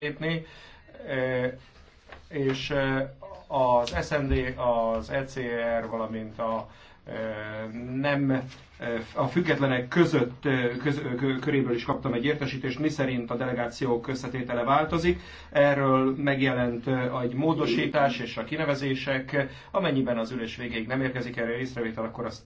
lépni, és az SND, az ECR, valamint a nem a függetlenek között köz, köréből is kaptam egy értesítést, mi szerint a delegáció összetétele változik. Erről megjelent egy módosítás és a kinevezések. Amennyiben az ülés végéig nem érkezik erre észrevétel, akkor azt